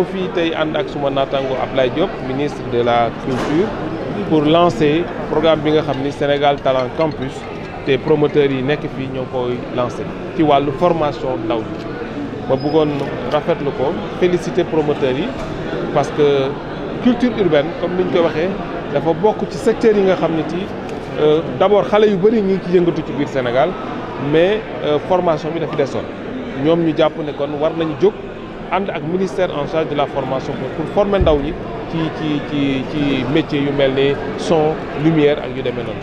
ñëw fii tey ànd ak suma naataango Ablaye Diop ministre de la culture pour lancer programme bi nga xam Sénégal Talent Campus te promoteurs yi nekk fii ñoo koy lancer ci wàllu formation ndaw ñi ma bëggoon rafetlu ko féliciter promoteurs yi parce que culture urbaine comme ni ñu ko waxee dafa bokk ci secteur yi nga xam ci euh, d'abord xale yu bëri ñu ngi ci yëngatu ci biir Sénégal mais euh, formation bi dafa desoon ñoom ñu jàpp ne kon war nañu jóg ànd ak ministère en charge de la formation pour former ndaw ñi ci ci ci métier yu melni son lumière ak yu démé non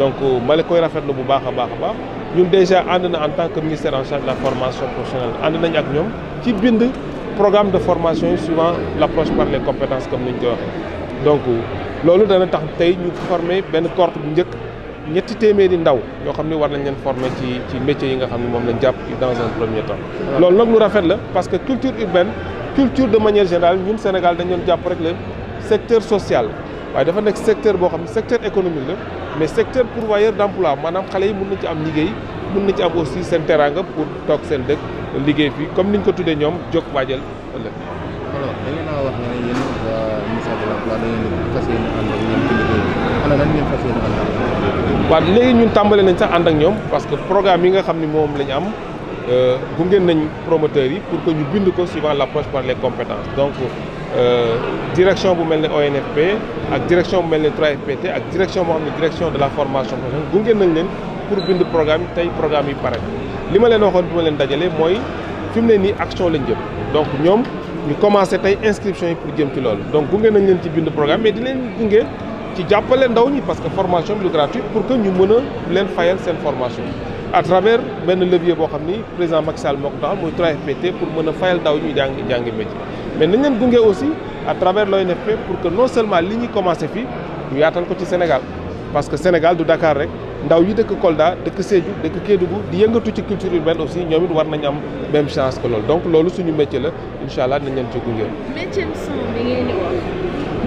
donc euh, ma la koy rafetlu bu baax ñun déjà na en tant que ministère en charge de la formation professionnelle nous nañ ak ñom ci bind programme de formation suivant l'approche par les compétences comme niñ donc euh, lolu dana tax tay ñu former ben corps bu ñetti téeméeri ndaw yo xamni war nañ leen former ci ci métier yi nga xamni mom moom lañ jàpp dans un premier temps. lool nak lu rafet la parce que culture urbaine culture de manière générale ñun Sénégal dañ ñon japp rek le secteur social waaye dafa nek secteur bo xamni secteur économique la mais secteur pourvoyeur d'emploi manam xalé yi mën na ci am liggéey mën na ci am aussi sen teraanga pour tok seen dëkk liguey fi comme niñ ko tuddee ñom jóg wadjal ëlëk alors da ngeen a wax ne yéen wa ministère de l'emploi da ngeen fas yéene ànd ci liggéey bi ana nan ngeen fas yéene nous avons ñun parce que programme est euh, pour que nous puissions l'approche par les compétences donc euh, direction pour l'ONFP, la direction de mener 3FPT la direction direction de la formation pour bind programme programme yi li ma leen que nous ma leen action donc nous ñu commencé l'inscription pour les donc nous programme mais parce que formation est gratuite pour que nous puissions faire cette formation à travers le levier pour président pour que mais nous avons aussi à travers l'ONFP pour que non seulement li ñuy commencé mais ñu à Sénégal parce que le Sénégal du Dakar nous avons Kolda culture urbaine aussi nous avons la même chance que nous. donc nous suñu métier la nous nañ leen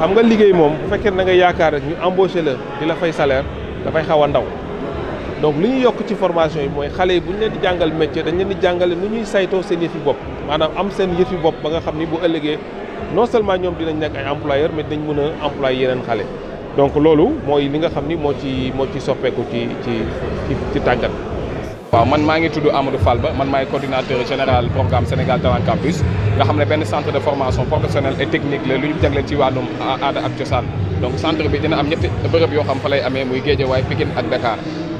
xam nga liggéey moom bu fekkee na nga yaakaar ñu embauché la di la fay salaire dafay xaw a ndaw donc lu ñuy yokk ci formation yi mooy xale yi bu ñu leen di jàngal métier dañ leen di jàngal nu ñuy saytoo seen yëfi bopp maanaam am seen yëfi bopp ba nga xam ni bu ëllëgee non seulement ñoom dinañ nekk ay employeur mais dinañ mën a employé yeneen xale donc loolu mooy li nga xam ni moo ci moo ci soppeeku ci ci ci tàggat waaw man maa ngi tudd Amadou Fall Ba man maay coordinateur général programme Sénégal Talent Campus nga xam ne benn centre de formation professionnelle et technique la lu ñu jagleel ci wàllum aada ak cosaan donc centre bi dina am ñetti bërëb yoo xam fa lay amee muy Guédiawaye Pikine ak Dakar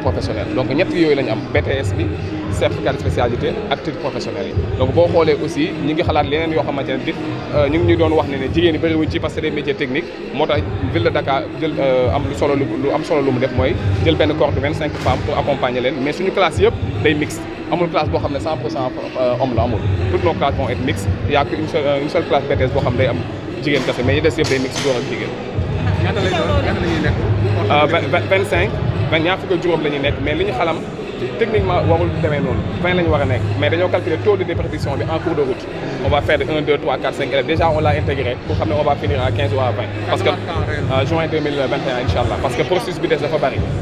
titre professionnel donc ñett yooyu la ñu am BTS bi certificat de spécialité ak titre professionnel donc boo xoolee aussi ñi ngi xalaat leneen yoo xamante ne dit euh, ñu ngi ñu doon wax ne ne ci parce que des métiers techniques moo ville de Dakar jël euh, am lu solo lu am solo lu mu def mooy jël corps de 25 femmes pour accompagner leen mais suñu classe yëpp day mixte amul classe boo xam 100 pour euh, homme la amul toutes nos classes vont être mixtes y a qu'une seule une seule classe BTS qui xam day am jigéen kese mais ñi des yëpp day mixte góor ak doon 25 mais nous xalam techniquement taux de dépréhension en cours de route on va faire de 1 2 3 4 5 déjà on l'a intégré pour qu'on on va finir à 15 ou à 20 parce que euh, juin 2021 Inch'Allah. parce que processus de des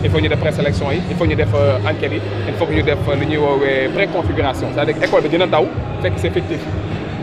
il faut ñu def pré yi il faut ñu def euh, enquête il faut que ñu def euh, li pré c'est-à-dire bi dina daw c'est fictif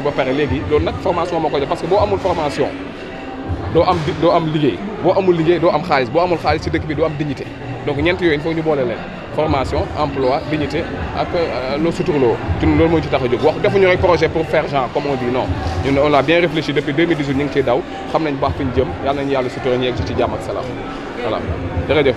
loolu ba paré légui loolu nak formation moo ko jox parce que bo amul formation do am do am liguey bo amul liguey do am xaliss bo amul xaliss ci dëkk bi do am dignité donc ñent yoy il faut ñu bolé leen formation emploi dignité ak euh, loo suturloo ci lool moo ci taxaju wax defu ñu rek projet pour faire genre comme on dit non ñun on a bien réfléchi depuis 2018 ñing ci daw xam nañ baax fi jëm yalla nañu yalla sutura ñu ak ci ci jàmm ak salaam voilà def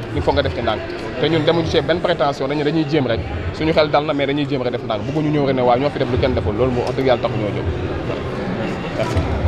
il faut nga def ci ndànk te ñun demuñu ci benn prétention dañuy jéem rek suñu xel dal na mais dañuy jéem rek def ndànk bëgguñu ñëw rek ne waaw ñoo fi def lu kenn deful loolu moo wax dëgg yàlla ñoo jóg